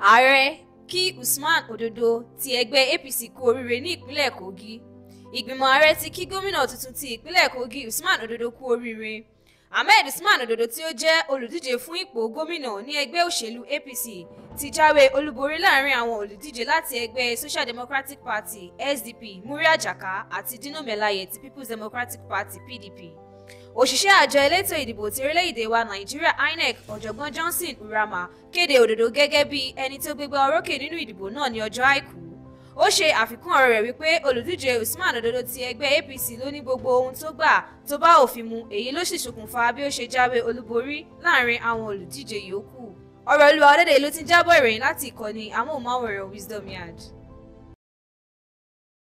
ààrẹ kí usman ododo ti ẹgbẹ́ apc kú oríire ní ìpínlẹ̀ kogi ìgbìmọ̀ ààrẹ ti kí gómìnà tuntun ti ìpínlẹ̀ kogi usman ododo kú oríire ahmed usman ododo tí ó jẹ́ olùdíje fún ipò gómìnà ní ẹgbẹ́ òṣèlú apc ti jáwé olúborí láàrin àwọn olùdíje láti ẹgbẹ́ social democratic party sdp muria jaka àti dino melaye ti people's democratic party pdp òṣìṣẹ́ àjọ elétò ìdìbò ti orílẹ̀-èdè wa nàìjíríà inec ọ̀jọ̀gbọ́n johnson urama kéde òdodo gẹ́gẹ́ bí ẹni tó gbégbá orókè nínú ìdìbò náà ní ọjọ́ àìkú ó ṣe àfikún ọ̀rọ̀ rẹ̀ wípé olùdíje usman òdodo ti ẹgbẹ́ apc ló ní gbogbo ohun tó gbà tó bá òfin mu èyí ló sì ṣokùnfà bí ó ṣe jáwé olúborí láàrin àwọn olùdíje yòókù ọ̀rọ̀ olúwa ọdẹdẹ ló ti jábọ̀ ìròyìn láti ìkànnì amóhùnmáwòrán wisdom yard.